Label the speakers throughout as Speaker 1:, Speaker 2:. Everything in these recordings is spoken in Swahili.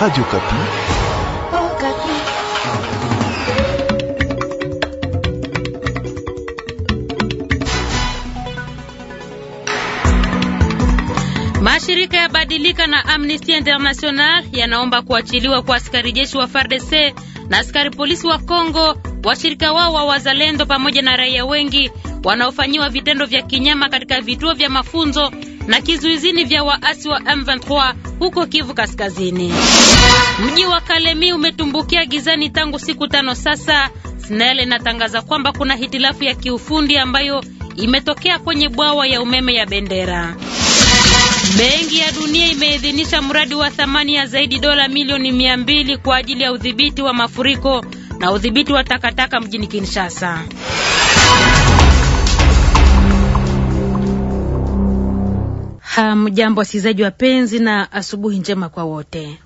Speaker 1: Radio Kapi.
Speaker 2: Oh, Kapi. Mashirika ya Badilika na Amnesty International yanaomba kuachiliwa kwa askari jeshi wa FARDC na askari polisi wa Kongo, washirika wao wa wazalendo pamoja na raia wengi wanaofanyiwa vitendo vya kinyama katika vituo vya mafunzo na kizuizini vya waasi wa M23 huko Kivu Kaskazini. Mji wa Kalemi umetumbukia gizani tangu siku tano sasa. SNEL inatangaza kwamba kuna hitilafu ya kiufundi ambayo imetokea kwenye bwawa ya umeme ya Bendera. Benki ya Dunia imeidhinisha mradi wa thamani ya zaidi dola milioni mia mbili kwa ajili ya udhibiti wa mafuriko na udhibiti wa takataka mjini Kinshasa. Hamjambo wasikilizaji wapenzi, na asubuhi njema kwa wote.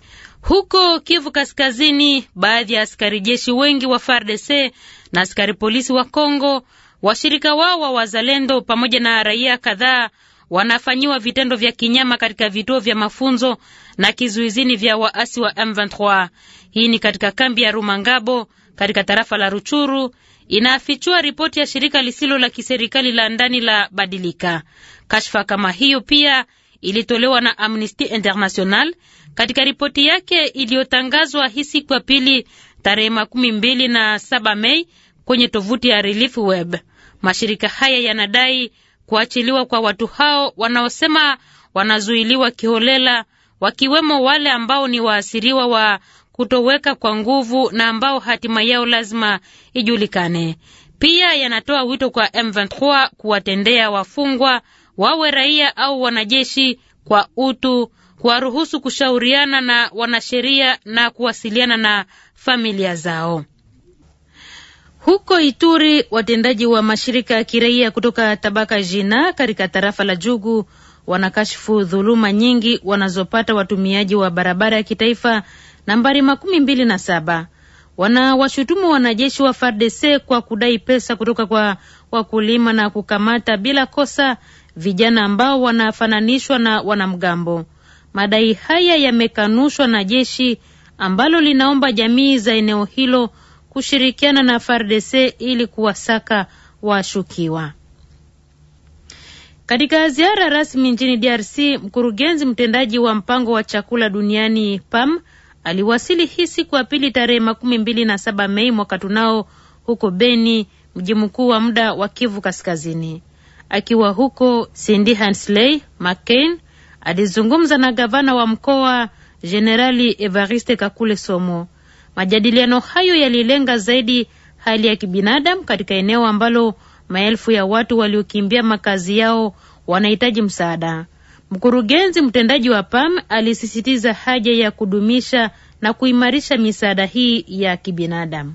Speaker 2: Huko Kivu Kaskazini, baadhi ya askari jeshi wengi wa FARDC na askari polisi wa Kongo, washirika wao wa wazalendo, pamoja na raia kadhaa wanafanyiwa vitendo vya kinyama katika vituo vya mafunzo na kizuizini vya waasi wa M23. Hii ni katika kambi ya Rumangabo katika tarafa la Ruchuru inafichua ripoti ya shirika lisilo la kiserikali la ndani la Badilika. Kashfa kama hiyo pia ilitolewa na Amnesty International katika ripoti yake iliyotangazwa hii siku ya pili tarehe makumi mbili na saba Mei kwenye tovuti ya Relief Web. Mashirika haya yanadai kuachiliwa kwa watu hao wanaosema wanazuiliwa kiholela, wakiwemo wale ambao ni waasiriwa wa kutoweka kwa nguvu na ambao hatima yao lazima ijulikane. Pia yanatoa wito kwa M23 kuwatendea wafungwa wawe raia au wanajeshi kwa utu, kuwaruhusu kushauriana na wanasheria na kuwasiliana na familia zao. Huko Ituri, watendaji wa mashirika ya kiraia kutoka tabaka jina katika tarafa la Jugu wanakashfu dhuluma nyingi wanazopata watumiaji wa barabara ya kitaifa nambari makumi mbili na saba wanawashutumu wanajeshi wa FARDC kwa kudai pesa kutoka kwa wakulima na kukamata bila kosa vijana ambao wanafananishwa na wanamgambo. Madai haya yamekanushwa na jeshi ambalo linaomba jamii za eneo hilo kushirikiana na FARDC ili kuwasaka washukiwa. Katika ziara rasmi nchini DRC, mkurugenzi mtendaji wa mpango wa chakula duniani PAM aliwasili hii siku ya pili tarehe makumi mbili na saba Mei mwaka tunao huko Beni, mji mkuu wa muda wa Kivu Kaskazini. Akiwa huko, Cindy Hansley McCain alizungumza na gavana wa mkoa Jenerali Evariste Kakule Somo. Majadiliano hayo yalilenga zaidi hali ya kibinadamu katika eneo ambalo maelfu ya watu waliokimbia makazi yao wanahitaji msaada. Mkurugenzi mtendaji wa PAM alisisitiza haja ya kudumisha na kuimarisha misaada hii ya kibinadamu.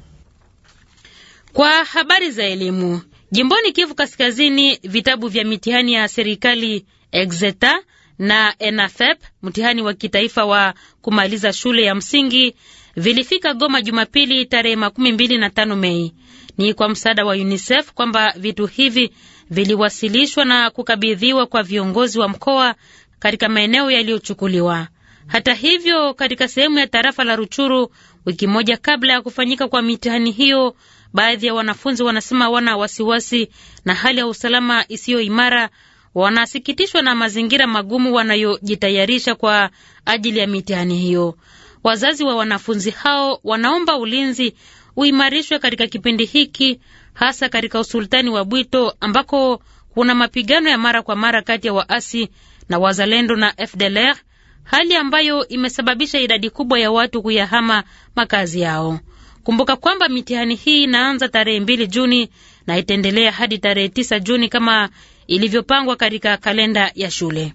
Speaker 2: Kwa habari za elimu jimboni Kivu Kaskazini, vitabu vya mitihani ya serikali Exeta na ENAFEP, mtihani wa kitaifa wa kumaliza shule ya msingi, vilifika Goma Jumapili tarehe makumi mbili na tano Mei. Ni kwa msaada wa UNICEF kwamba vitu hivi viliwasilishwa na kukabidhiwa kwa viongozi wa mkoa katika maeneo yaliyochukuliwa. Hata hivyo, katika sehemu ya tarafa la Ruchuru, wiki moja kabla ya kufanyika kwa mitihani hiyo, baadhi ya wanafunzi wanasema wana wasiwasi na hali ya usalama isiyo imara. Wanasikitishwa na mazingira magumu wanayojitayarisha kwa ajili ya mitihani hiyo. Wazazi wa wanafunzi hao wanaomba ulinzi uimarishwe katika kipindi hiki hasa katika usultani wa Bwito ambako kuna mapigano ya mara kwa mara kati ya waasi na wazalendo na FDLR, hali ambayo imesababisha idadi kubwa ya watu kuyahama makazi yao. Kumbuka kwamba mitihani hii inaanza tarehe mbili Juni na itaendelea hadi tarehe tisa Juni kama ilivyopangwa katika kalenda ya shule.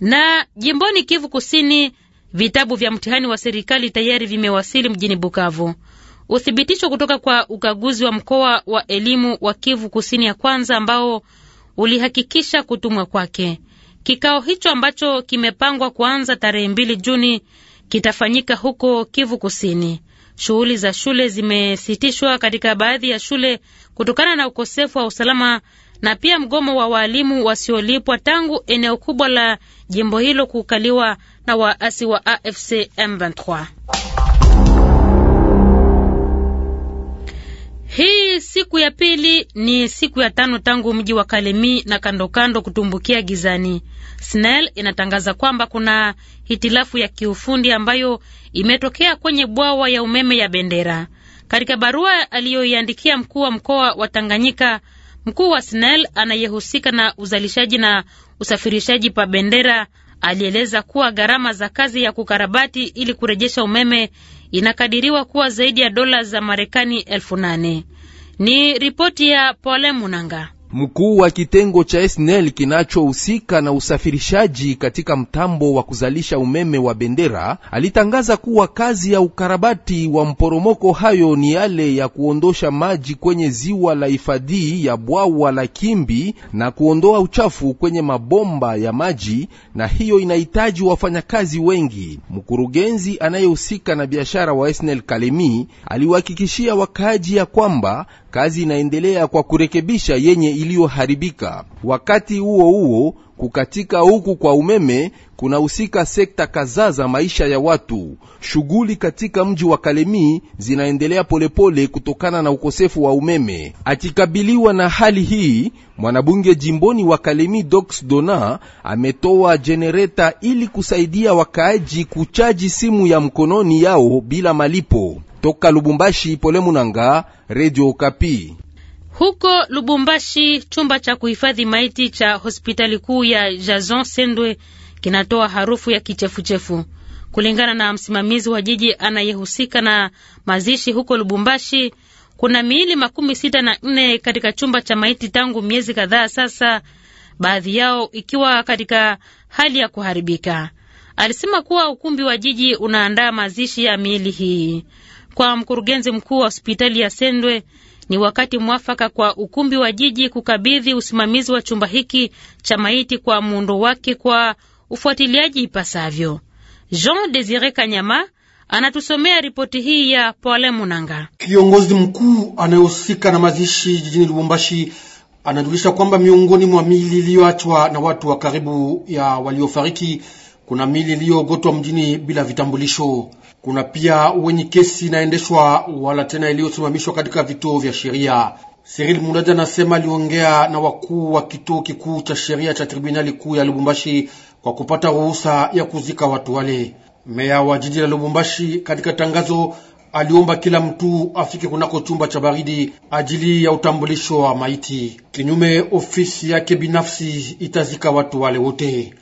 Speaker 2: Na jimboni Kivu Kusini, vitabu vya mtihani wa serikali tayari vimewasili mjini Bukavu uthibitisho kutoka kwa ukaguzi wa mkoa wa elimu wa Kivu Kusini ya kwanza ambao ulihakikisha kutumwa kwake. Kikao hicho ambacho kimepangwa kuanza tarehe mbili Juni kitafanyika huko Kivu Kusini. Shughuli za shule zimesitishwa katika baadhi ya shule kutokana na ukosefu wa usalama na pia mgomo wa waalimu wasiolipwa tangu eneo kubwa la jimbo hilo kukaliwa na waasi wa AFC M23. siku ya pili ni siku ya tano tangu mji wa Kalemi na kandokando kando kutumbukia gizani. SNEL inatangaza kwamba kuna hitilafu ya kiufundi ambayo imetokea kwenye bwawa ya umeme ya Bendera. Katika barua aliyoiandikia mkuu wa mkoa wa Tanganyika, mkuu wa SNEL anayehusika na uzalishaji na usafirishaji pa Bendera alieleza kuwa gharama za kazi ya kukarabati ili kurejesha umeme inakadiriwa kuwa zaidi ya dola za Marekani elfu nane. Ni ripoti ya Pole Munanga.
Speaker 3: Mkuu wa kitengo cha SNEL kinachohusika na usafirishaji katika mtambo wa kuzalisha umeme wa Bendera alitangaza kuwa kazi ya ukarabati wa mporomoko hayo ni yale ya kuondosha maji kwenye ziwa la hifadhi ya bwawa la Kimbi na kuondoa uchafu kwenye mabomba ya maji, na hiyo inahitaji wafanyakazi wengi. Mkurugenzi anayehusika na biashara wa SNEL Kalemi aliwahakikishia wakaaji ya kwamba Kazi inaendelea kwa kurekebisha yenye iliyoharibika. Wakati huo huo, kukatika huku kwa umeme kunahusika sekta kadhaa za maisha ya watu. Shughuli katika mji wa Kalemi zinaendelea polepole kutokana na ukosefu wa umeme. Akikabiliwa na hali hii, mwanabunge jimboni wa Kalemi Dox Dona ametoa jenereta ili kusaidia wakaaji kuchaji simu ya mkononi yao bila malipo. Toka Lubumbashi, Pole Munanga, Radio Kapi.
Speaker 2: Huko Lubumbashi, chumba cha kuhifadhi maiti cha hospitali kuu ya Jason Sendwe kinatoa harufu ya kichefuchefu. Kulingana na msimamizi wa jiji anayehusika na mazishi huko Lubumbashi, kuna miili makumi sita na nne katika chumba cha maiti tangu miezi kadhaa sasa, baadhi yao ikiwa katika hali ya kuharibika. Alisema kuwa ukumbi wa jiji unaandaa mazishi ya miili hii kwa mkurugenzi mkuu wa hospitali ya Sendwe ni wakati mwafaka kwa ukumbi wa jiji kukabidhi usimamizi wa chumba hiki cha maiti kwa muundo wake kwa ufuatiliaji ipasavyo. Jean Desire Kanyama anatusomea ripoti hii ya Pole Munanga.
Speaker 4: Kiongozi mkuu anayehusika na mazishi jijini Lubumbashi anajulisha kwamba miongoni mwa mili iliyoachwa na watu wa karibu ya waliofariki kuna mili iliyoogotwa mjini bila vitambulisho. Kuna pia wenye kesi inaendeshwa wala tena iliyosimamishwa katika vituo vya sheria. Cyril Mundaja anasema aliongea na wakuu wa kituo kikuu cha sheria cha tribunali kuu ya Lubumbashi kwa kupata ruhusa ya kuzika watu wale. Meya wa jiji la Lubumbashi katika tangazo aliomba kila mtu afike kunako chumba cha baridi ajili ya utambulisho wa maiti. Kinyume, ofisi yake binafsi itazika watu wale wote.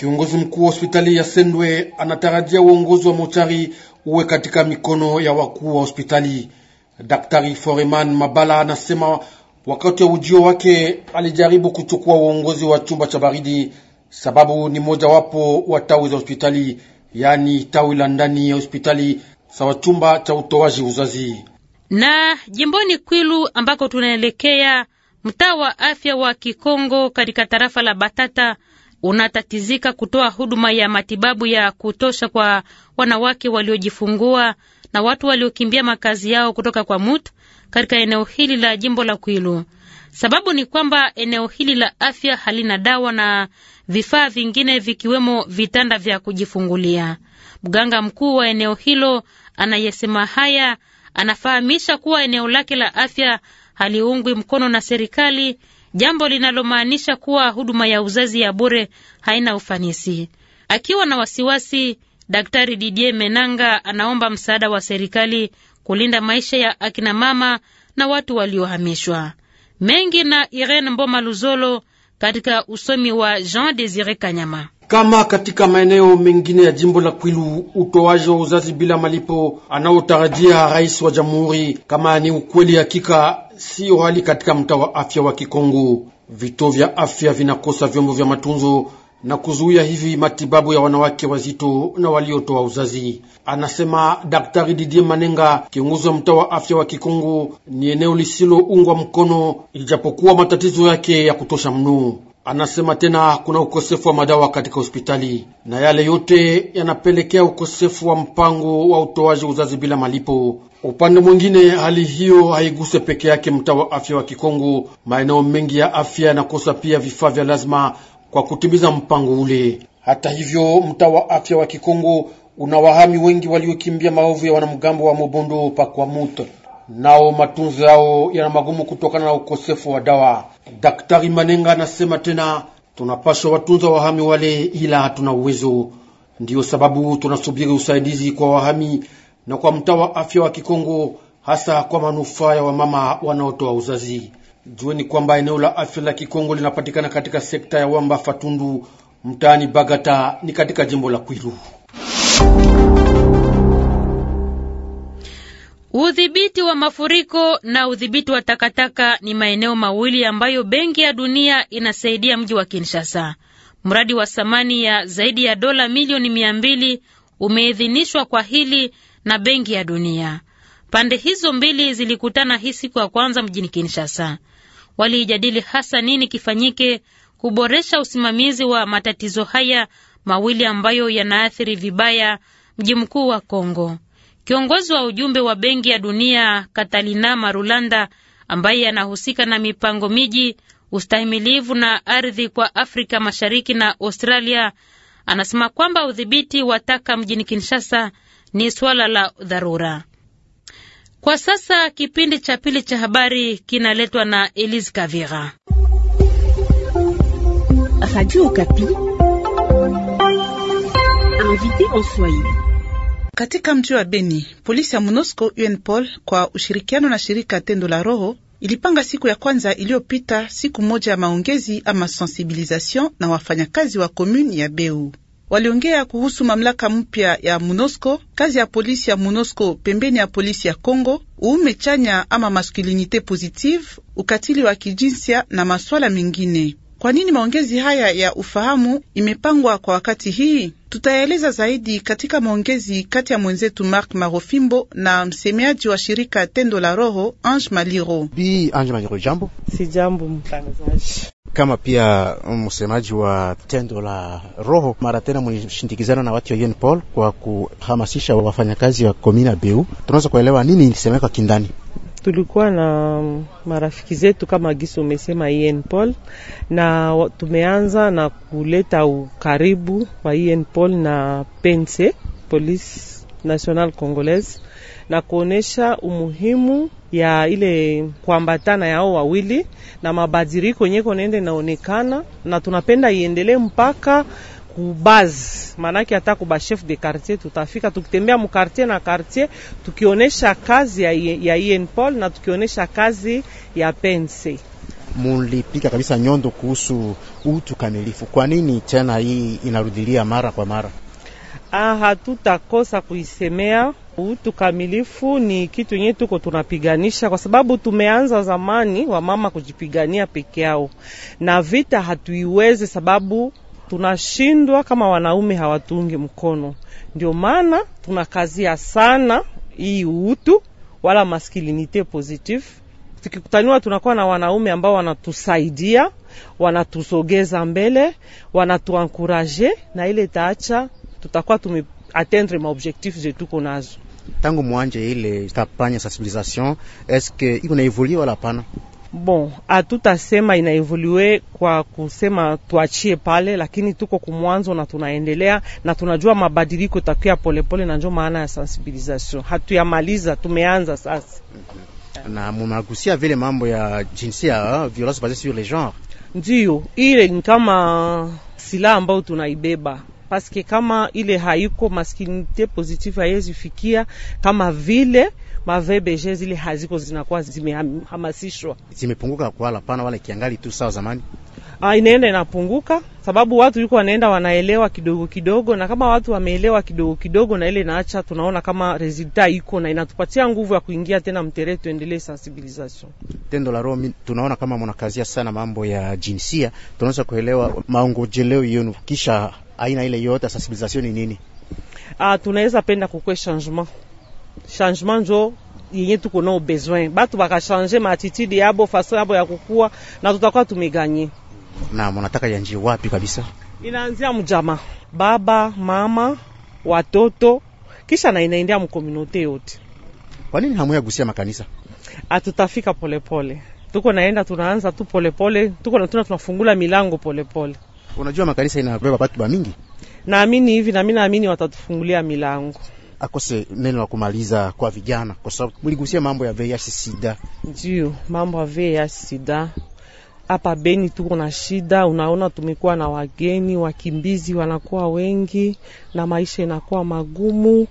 Speaker 4: Kiongozi mkuu wa hospitali ya Sendwe anatarajia uongozi wa mochari uwe katika mikono ya wakuu wa hospitali. Daktari Foreman Mabala anasema wakati wa ujio wake alijaribu kuchukua uongozi wa chumba cha baridi, sababu ni moja wapo wa tawi za hospitali, yaani tawi la ndani ya hospitali sawa chumba cha utoaji uzazi.
Speaker 2: Na jimboni Kwilu ambako tunaelekea, mtaa wa afya wa Kikongo katika tarafa la Batata unatatizika kutoa huduma ya matibabu ya kutosha kwa wanawake waliojifungua na watu waliokimbia makazi yao kutoka kwa Mut katika eneo hili la jimbo la Kwilu. Sababu ni kwamba eneo hili la afya halina dawa na vifaa vingine vikiwemo vitanda vya kujifungulia. Mganga mkuu wa eneo hilo anayesema haya anafahamisha kuwa eneo lake la afya haliungwi mkono na serikali jambo linalomaanisha kuwa huduma ya uzazi ya bure haina ufanisi. Akiwa na wasiwasi, Daktari Didier Menanga anaomba msaada wa serikali kulinda maisha ya akina mama na watu waliohamishwa. Mengi na Irene Mboma Luzolo katika usomi wa Jean Desire Kanyama.
Speaker 4: Kama katika maeneo mengine ya jimbo la Kwilu, utoaji wa uzazi bila malipo anaotarajia rais wa jamhuri, kama ni ukweli hakika siyo hali katika mtaa wa afya wa Kikongo. Vituo vya afya vinakosa vyombo vya matunzo na kuzuia hivi matibabu ya wanawake wazito na waliotoa uzazi, anasema Daktari Didier Manenga, kiongozi wa mtaa wa afya wa Kikongo. Ni eneo lisiloungwa mkono, ijapokuwa matatizo yake ya kutosha mno. Anasema tena kuna ukosefu wa madawa katika hospitali, na yale yote yanapelekea ukosefu wa mpango wa utoaji uzazi bila malipo. Upande mwingine, hali hiyo haiguse peke yake mtaa wa afya wa Kikongo. Maeneo mengi ya afya yanakosa pia vifaa vya lazima kwa kutimiza mpango ule. Hata hivyo, mtaa wa afya wa Kikongo una wahami wengi waliokimbia maovu ya wanamgambo wa Mobondo pa kwamut nao matunzo yao yana magumu kutokana na ukosefu wa dawa. Daktari Manenga anasema tena, tunapaswa watunza wahami wale, ila hatuna uwezo. Ndiyo sababu tunasubiri usaidizi kwa wahami na kwa mtaa wa afya wa Kikongo, hasa kwa manufaa ya wamama wanaotoa uzazi. Jueni kwamba eneo la afya la Kikongo linapatikana katika sekta ya Wamba Fatundu, mtaani Bagata, ni katika jimbo la Kwilu.
Speaker 2: Udhibiti wa mafuriko na udhibiti wa takataka ni maeneo mawili ambayo Benki ya Dunia inasaidia mji wa Kinshasa. Mradi wa thamani ya zaidi ya dola milioni mia mbili umeidhinishwa kwa hili na Benki ya Dunia. Pande hizo mbili zilikutana hii siku ya kwanza mjini Kinshasa. Waliijadili hasa nini kifanyike kuboresha usimamizi wa matatizo haya mawili ambayo yanaathiri vibaya mji mkuu wa Kongo. Kiongozi wa ujumbe wa Benki ya Dunia Katalina Marulanda, ambaye anahusika na mipango miji, ustahimilivu na ardhi kwa Afrika Mashariki na Australia, anasema kwamba udhibiti wa taka mjini Kinshasa ni swala la dharura. Kwa sasa kipindi cha pili cha habari kinaletwa na Elise Kavira. Radio Okapi.
Speaker 5: Invité en Swahili. Katika mji wa Beni, polisi ya MONUSCO UNPOL kwa ushirikiano na shirika Tendo la Roho ilipanga siku ya kwanza iliyopita siku moja ya maongezi ama sensibilisation na wafanyakazi wa komuni ya Beu. Waliongea kuhusu mamlaka mpya ya MONUSCO, kazi ya polisi ya MONUSCO pembeni ya polisi ya Congo, uume chanya ama masculinite positive, ukatili wa kijinsia na maswala mengine. Kwa nini maongezi haya ya ufahamu imepangwa kwa wakati hii? Tutaeleza zaidi katika maongezi kati ya mwenzetu Mark Marofimbo na msemeaji wa shirika Tendo la Roho Ange Maliro. Bi Ange Maliro, jambo. Si jambo mtangazaji
Speaker 6: kama pia msemaji wa Tendo la Roho, mara tena mlishindikizana na watu wa Yen Paul kwa kuhamasisha wafanyakazi wa komina Beu. Tunaweza kuelewa nini ilisemeka kindani?
Speaker 7: tulikuwa na marafiki zetu kama gisi umesema INPOL, na tumeanza na kuleta ukaribu wa INPOL na pense Police National Congolaise, na kuonesha umuhimu ya ile kuambatana yao wawili na mabadiriko yenye konaende inaonekana, na tunapenda iendelee mpaka kubazi, maanake hata kuba chef de quartier tutafika tukitembea mukartier na quartier tukionesha kazi ya, ya paul na tukionesha kazi ya Pense.
Speaker 6: Mulipika kabisa nyondo kuhusu utu kamilifu. Kwa nini tena hii inarudilia mara kwa mara?
Speaker 7: Ah, hatutakosa kuisemea. Utu kamilifu ni kitu yenyewe tuko tunapiganisha, kwa sababu tumeanza zamani wamama kujipigania peke yao, na vita hatuiweze sababu tunashindwa kama wanaume hawatungi mkono. Ndio maana tunakazia sana hii utu wala masculinite positive. Tukikutaniwa tunakuwa na wanaume ambao wanatusaidia, wanatusogeza mbele, wanatuankuraje, na ile itaacha tutakuwa tumeatendre maobjektif zetuko nazo. Tangu mwanje ile tapanya sensibilisation,
Speaker 6: eske iko na evolue wala hapana?
Speaker 7: Bon, hatutasema inaevolue kwa kusema tuachie pale, lakini tuko kumwanzo na tunaendelea na tunajua mabadiliko itakuwa polepole, na ndio maana ya sensibilisation hatuyamaliza, tumeanza sasa. Mhm. Na mumagusia vile mambo ya jinsia, ah, violence basee sur le genre, ndio ile ni kama silaha ambayo tunaibeba paske kama ile haiko maskinite positive haiwezi fikia kama vile mavbg zile haziko zinakuwa zimehamasishwa, zimepunguka kwala pana wala kiangali tu sawa zamani. A, ah, inaenda inapunguka sababu watu yuko wanaenda wanaelewa kidogo kidogo, na kama watu wameelewa kidogo kidogo, na ile naacha, tunaona kama resulta iko na inatupatia nguvu ya kuingia tena mtere, tuendelee sensibilisation
Speaker 6: tendo la romi Tunaona kama mnakazia sana mambo ya jinsia, tunaweza kuelewa maongojeleo yenu, kisha aina ile yote sensibilisation ni nini?
Speaker 7: Ah, tunaweza penda kukwe changement changement njo yenye tuko nao besoin, batu bakashanje maatitude yabo fason yabo ya kukua, na tutakuwa tumeganye. Na
Speaker 6: mnataka yanje wapi kabisa?
Speaker 7: Inaanzia mjama, baba, mama, watoto, kisha na inaendea mkomunote yote. Kwa nini hamuya gusia makanisa? Atutafika polepole, tuko naenda, tunaanza tu polepole, tuko natuna tunafungula milango polepole. Unajua makanisa inabeba batu ba mingi, naamini hivi na mimi naamini watatufungulia milango
Speaker 6: akose neno la kumaliza kwa vijana, kwa sababu mligusia mambo ya VIH
Speaker 7: sida. Ndio mambo ya VIH sida hapa Beni tuko na shida, unaona, tumekuwa na wageni wakimbizi wanakuwa wengi na maisha inakuwa magumu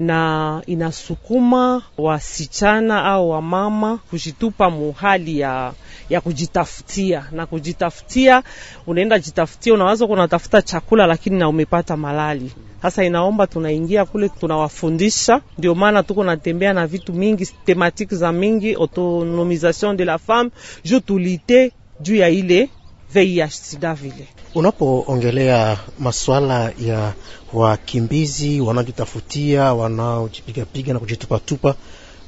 Speaker 7: na inasukuma wasichana au wamama kujitupa muhali ya, ya kujitafutia na kujitafutia. Unaenda jitafutia, unawaza kunatafuta chakula lakini na umepata malali. Sasa inaomba tunaingia kule, tunawafundisha. Ndio maana tuko natembea na vitu mingi tematiki za mingi autonomisation de la femme juu tulite juu ya ile VIH sida. Vile
Speaker 6: unapoongelea masuala ya wakimbizi wanaojitafutia, wanaojipigapiga na kujitupatupa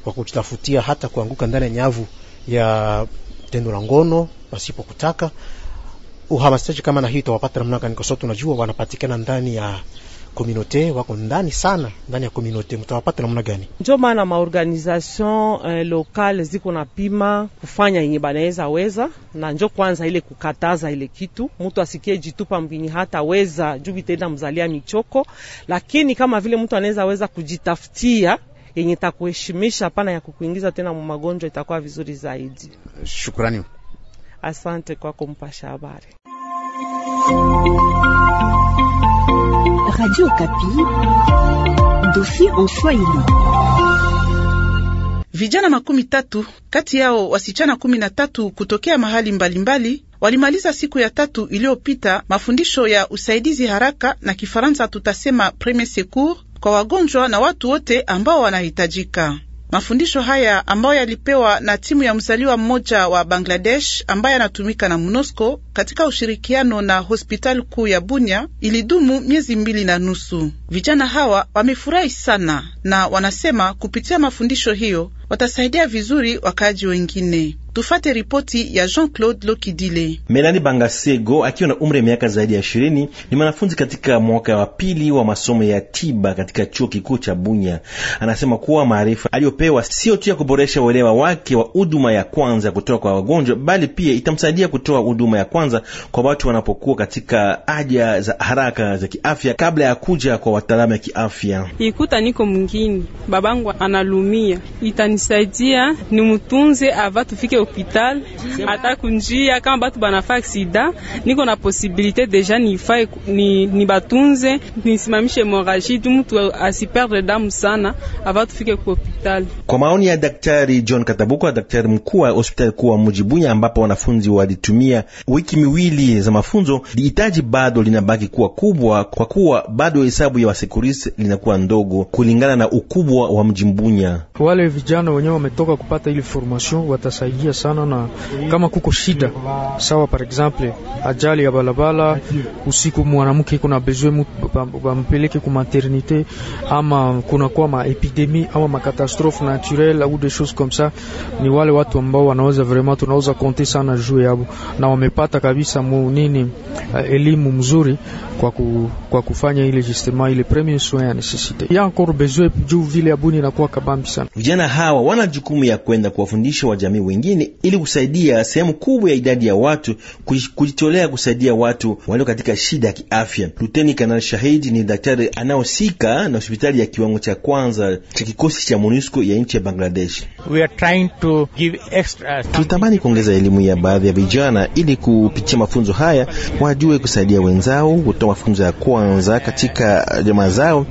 Speaker 6: kwa kujitafutia, hata kuanguka ndani ya nyavu ya tendo la ngono pasipo kutaka, uhamasishaji kama na hii utawapata namna gani? Kwa sababu tunajua wanapatikana ndani ya komunote wako ndani sana ndani ya komunote, mtawapata namna gani?
Speaker 7: Ndio maana maorganization eh, lokale ziko na pima kufanya yenye banaweza weza, na njo kwanza ile kukataza ile kitu mtu asikie jitupa mbinyi hata weza juu vitaenda mzalia michoko, lakini kama vile mtu anaweza weza kujitafutia yenye takuheshimisha pana ya kukuingiza tena mu magonjwa, itakuwa vizuri zaidi. Shukrani, asante kwa kumpasha habari.
Speaker 5: Radio Kapi, dossier en Swahili. Vijana makumi tatu kati yao wasichana kumi na tatu kutokea mahali mbalimbali mbali, walimaliza siku ya tatu iliyopita mafundisho ya usaidizi haraka na Kifaransa tutasema premier secours kwa wagonjwa na watu wote ambao wanahitajika. Mafundisho haya ambayo yalipewa na timu ya mzaliwa mmoja wa Bangladesh ambaye anatumika na MONUSCO katika ushirikiano na hospitali kuu ya Bunya ilidumu miezi mbili na nusu. Vijana hawa wamefurahi sana na wanasema kupitia mafundisho hiyo watasaidia vizuri wakaaji wengine. Tufate ripoti ya Jean-Claude Lokidile.
Speaker 1: Melani Bangasego akiwa na umri ya miaka zaidi ya ishirini ni mwanafunzi katika mwaka wa pili wa masomo ya tiba katika chuo kikuu cha Bunya. Anasema kuwa maarifa aliyopewa sio tu ya kuboresha uelewa wake wa huduma ya kwanza kutoka kwa wagonjwa, bali pia itamsaidia kutoa huduma ya kwanza kwa watu wanapokuwa katika haja za haraka za kiafya kabla ya kuja kwa wataalamu ya kiafya.
Speaker 5: Ikuta niko mwingine babangu analumia, itanisaidia nimtunze ava tufike hopital hata kunjia, kama batu banafa aksida, niko na posibilite deja nifae ni, ni batunze nisimamishe moraji tu, mtu asiperde damu sana ava tufike ku hopital.
Speaker 1: Kwa maoni ya Daktari John Katabuka, daktari mkuu wa hospitali kuu wa Mujibunya, ambapo wanafunzi walitumia wiki miwili za mafunzo, hitaji bado linabaki kuwa kubwa, kwa kuwa bado hesabu ya wasekurisi linakuwa ndogo kulingana na ukubwa wa Mjimbunya.
Speaker 4: Wale vijana wenyewe wametoka kupata ile formation watasaidia sana, na kama kuko shida sawa, par exemple ajali ya balabala usiku, mwanamke kuna bezwe bampeleke ku maternite, ama kuna kwa ma epidemi ama ma catastrophe naturelle au des choses comme ça, ni wale watu ambao wanaweza vraiment tunaweza konte sana juu yao, na wamepata kabisa mu nini eh, elimu mzuri kwa ku, kwa kufanya ile justement ile premier soin ya necessite ya encore besoin juu vile abuni kwa kabambi sana.
Speaker 1: Vijana hawa wana jukumu ya kwenda kuwafundisha wajamii wengine nini ili kusaidia sehemu kubwa ya idadi ya watu kujitolea kusaidia watu walio katika shida ya kiafya. Luteni Kanali Shahidi ni daktari anaohusika na hospitali ya kiwango cha kwanza cha kikosi cha MONUSCO ya nchi ya Bangladesh. tulitamani kuongeza elimu ya baadhi ya vijana ili kupitia mafunzo haya wajue kusaidia wenzao, kutoa mafunzo ya kwanza katika jamaa zao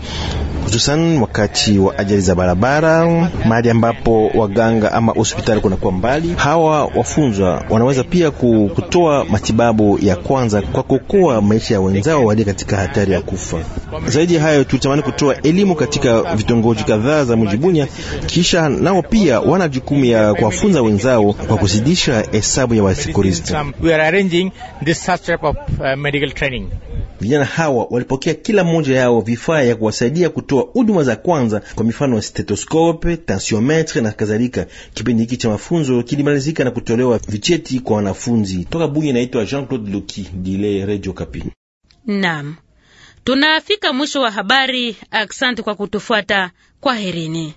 Speaker 1: hususan wakati wa ajali za barabara, mahali ambapo waganga ama hospitali kunakuwa mbali. Hawa wafunzwa wanaweza pia kutoa matibabu ya kwanza kwa kuokoa maisha ya wenzao walio katika hatari ya kufa. Zaidi ya hayo, tulitamani kutoa elimu katika vitongoji kadhaa za mji Bunia, kisha nao pia wana jukumu ya kuwafunza wenzao kwa kuzidisha hesabu ya wasikuristi. Vijana hawa walipokea kila mmoja yao vifaa ya kuwasaidia kutoa huduma za kwanza, kwa mifano stetoskope, tensiometre na kadhalika. Kipindi hiki cha mafunzo kilimalizika na kutolewa vicheti kwa wanafunzi. Toka bunye inaitwa Jean Claude Luki Dile, Radio Kapi.
Speaker 2: Naam, tunafika mwisho wa habari. Asante kwa kutufuata, kwa herini